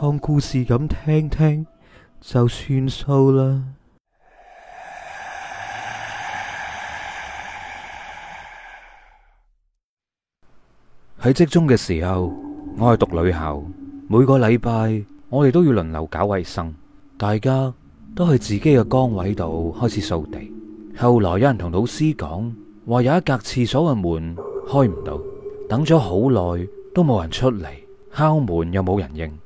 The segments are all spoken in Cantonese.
當故事咁聽聽就算數啦。喺職中嘅時候，我係讀女校，每個禮拜我哋都要輪流搞衛生，大家都喺自己嘅崗位度開始掃地。後來有人同老師講，話有一格廁所嘅門開唔到，等咗好耐都冇人出嚟，敲門又冇人應。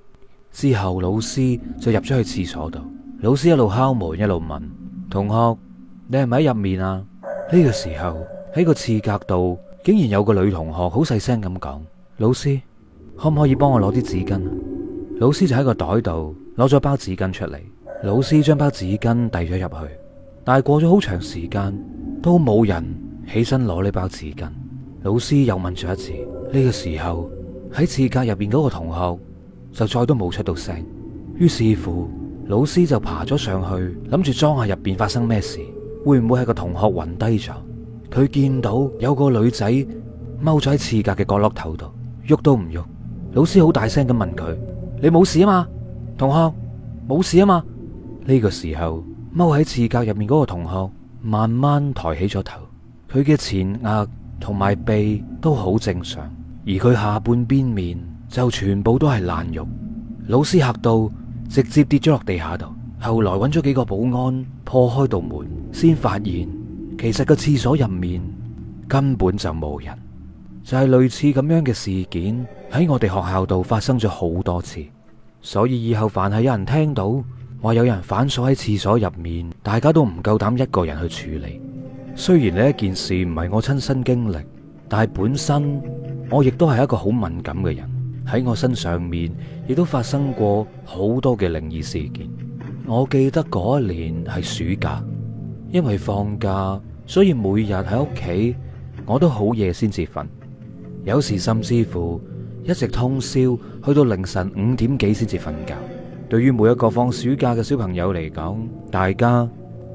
之後老師就入咗去廁所度，老師一路敲門一路問同學：你係咪喺入面啊？呢個時候喺個廁格度，竟然有個女同學好細聲咁講：老師，可唔可以幫我攞啲紙巾？老師就喺個袋度攞咗包紙巾出嚟，老師將包紙巾遞咗入去，但係過咗好長時間都冇人起身攞呢包紙巾。老師又問咗一次，呢個時候喺廁格入邊嗰個同學。就再都冇出到聲，於是乎老師就爬咗上去，諗住裝下入邊發生咩事，會唔會係個同學暈低咗？佢見到有個女仔踎咗喺廁格嘅角落頭度，喐都唔喐。老師好大聲咁問佢：你冇事啊嘛，同學冇事啊嘛？呢、這個時候踎喺廁格入面嗰個同學慢慢抬起咗頭，佢嘅前額同埋鼻都好正常，而佢下半邊面。就全部都係爛肉，老師嚇到直接跌咗落地下度。後來揾咗幾個保安破開道門，先發現其實個廁所入面根本就冇人。就係類似咁樣嘅事件喺我哋學校度發生咗好多次，所以以後凡係有人聽到話有人反鎖喺廁所入面，大家都唔夠膽一個人去處理。雖然呢一件事唔係我親身經歷，但係本身我亦都係一個好敏感嘅人。喺我身上面，亦都發生過好多嘅靈異事件。我記得嗰一年係暑假，因為放假，所以每日喺屋企我都好夜先至瞓，有時甚至乎一直通宵去到凌晨五點幾先至瞓覺。對於每一個放暑假嘅小朋友嚟講，大家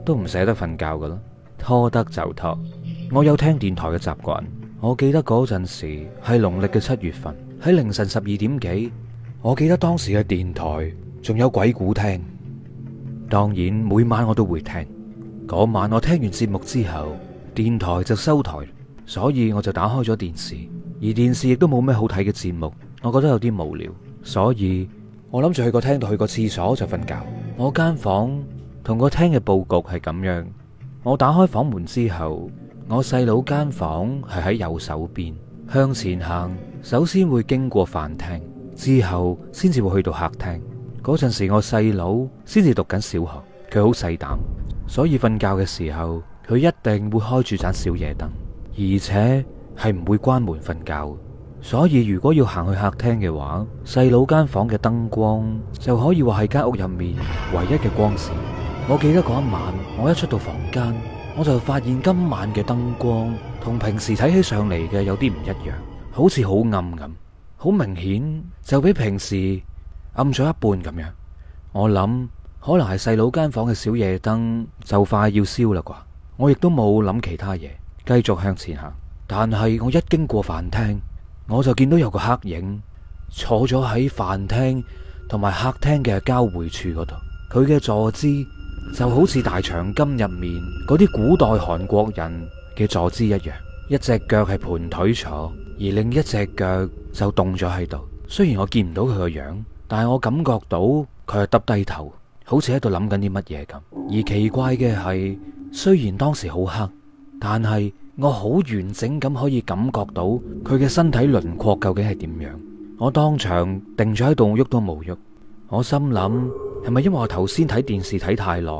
都唔捨得瞓覺噶啦，拖得就拖。我有聽電台嘅習慣，我記得嗰陣時係農曆嘅七月份。喺凌晨十二點幾，我記得當時嘅電台仲有鬼故聽，當然每晚我都會聽。嗰晚我聽完節目之後，電台就收台，所以我就打開咗電視，而電視亦都冇咩好睇嘅節目，我覺得有啲無聊，所以我諗住去個廳度去個廁所就瞓覺。我間房同個廳嘅布局係咁樣，我打開房門之後，我細佬間房係喺右手邊。向前行，首先會經過飯廳，之後先至會去到客廳。嗰陣時，我細佬先至讀緊小學，佢好細膽，所以瞓覺嘅時候，佢一定會開住盞小夜燈，而且係唔會關門瞓覺。所以如果要行去客廳嘅話，細佬間房嘅燈光就可以話係間屋入面唯一嘅光線。我記得嗰一晚，我一出到房間，我就發現今晚嘅燈光。同平時睇起上嚟嘅，有啲唔一樣，好似好暗咁，好明顯就比平時暗咗一半咁樣。我諗可能係細佬間房嘅小夜燈就快要燒啦啩。我亦都冇諗其他嘢，繼續向前行。但係我一經過飯廳，我就見到有個黑影坐咗喺飯廳同埋客廳嘅交匯處嗰度。佢嘅坐姿就好似大長今入面嗰啲古代韓國人嘅坐姿一樣，一隻腳係盤腿坐，而另一隻腳就凍咗喺度。雖然我見唔到佢個樣，但係我感覺到佢係耷低頭，好似喺度諗緊啲乜嘢咁。而奇怪嘅係，雖然當時好黑，但係我好完整咁可以感覺到佢嘅身體輪廓究竟係點樣。我當場定咗喺度，喐都冇喐。我心諗係咪因為我頭先睇電視睇太耐，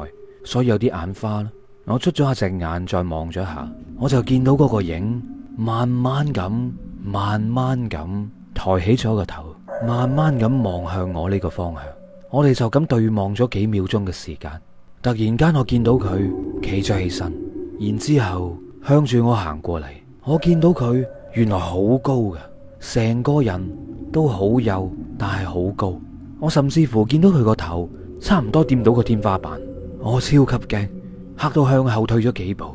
所以有啲眼花咧？我出咗一隻眼，再望咗下，我就見到嗰個影慢慢咁，慢慢咁抬起咗個頭，慢慢咁望向我呢個方向。我哋就咁對望咗幾秒鐘嘅時間。突然間，我見到佢企咗起身，然之後向住我行過嚟。我見到佢原來好高㗎，成個人都好幼，但係好高。我甚至乎見到佢個頭差唔多掂到個天花板。我超級驚。嚇到向後退咗幾步，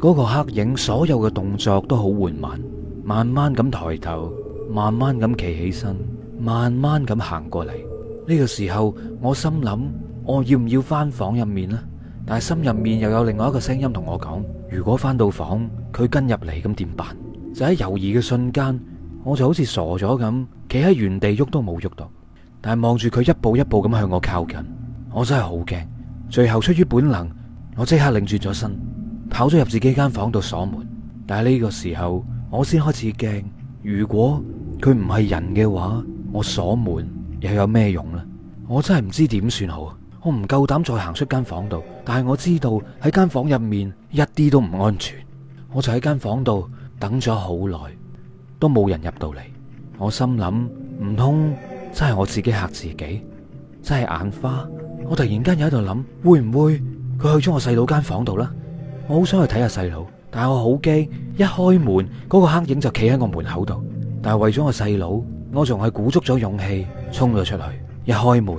嗰個黑影所有嘅動作都好緩慢，慢慢咁抬頭，慢慢咁企起身，慢慢咁行過嚟。呢個時候我心諗，我要唔要翻房入面呢？但係心入面又有另外一個聲音同我講：如果翻到房，佢跟入嚟咁點辦？就喺猶豫嘅瞬間，我就好似傻咗咁，企喺原地喐都冇喐到，但係望住佢一步一步咁向我靠近，我真係好驚。最後出於本能。我即刻擰轉咗身，跑咗入自己間房度鎖門。但係呢個時候，我先開始驚，如果佢唔係人嘅話，我鎖門又有咩用呢？我真係唔知點算好。我唔夠膽再行出間房度，但係我知道喺間房入面一啲都唔安全。我就喺間房度等咗好耐，都冇人入到嚟。我心諗，唔通真係我自己吓自己，真係眼花。我突然間又喺度諗，會唔會？佢去咗我細佬間房度啦，我好想去睇下細佬，但係我好驚，一開門嗰個黑影就企喺我門口度。但係為咗我細佬，我仲係鼓足咗勇氣衝咗出去。一開門，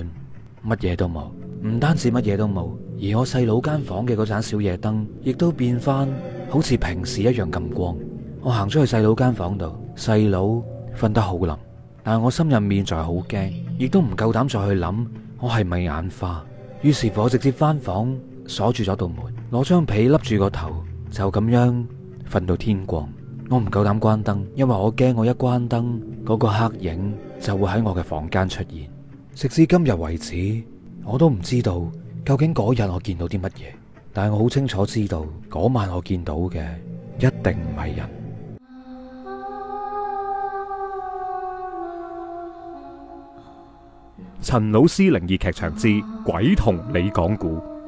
乜嘢都冇，唔單止乜嘢都冇，而我細佬間房嘅嗰盞小夜燈亦都變翻好似平時一樣咁光。我行咗去細佬間房度，細佬瞓得好冧，但係我心入面就係好驚，亦都唔夠膽再去諗我係咪眼花。於是乎，我直接翻房。鎖住咗道門，攞張被笠住個頭，就咁樣瞓到天光。我唔夠膽關燈，因為我驚我一關燈，嗰個黑影就會喺我嘅房間出現。直至今日為止，我都唔知道究竟嗰日我見到啲乜嘢，但係我好清楚知道嗰晚我見到嘅一定唔係人。陳老師靈異劇場之鬼同你講古。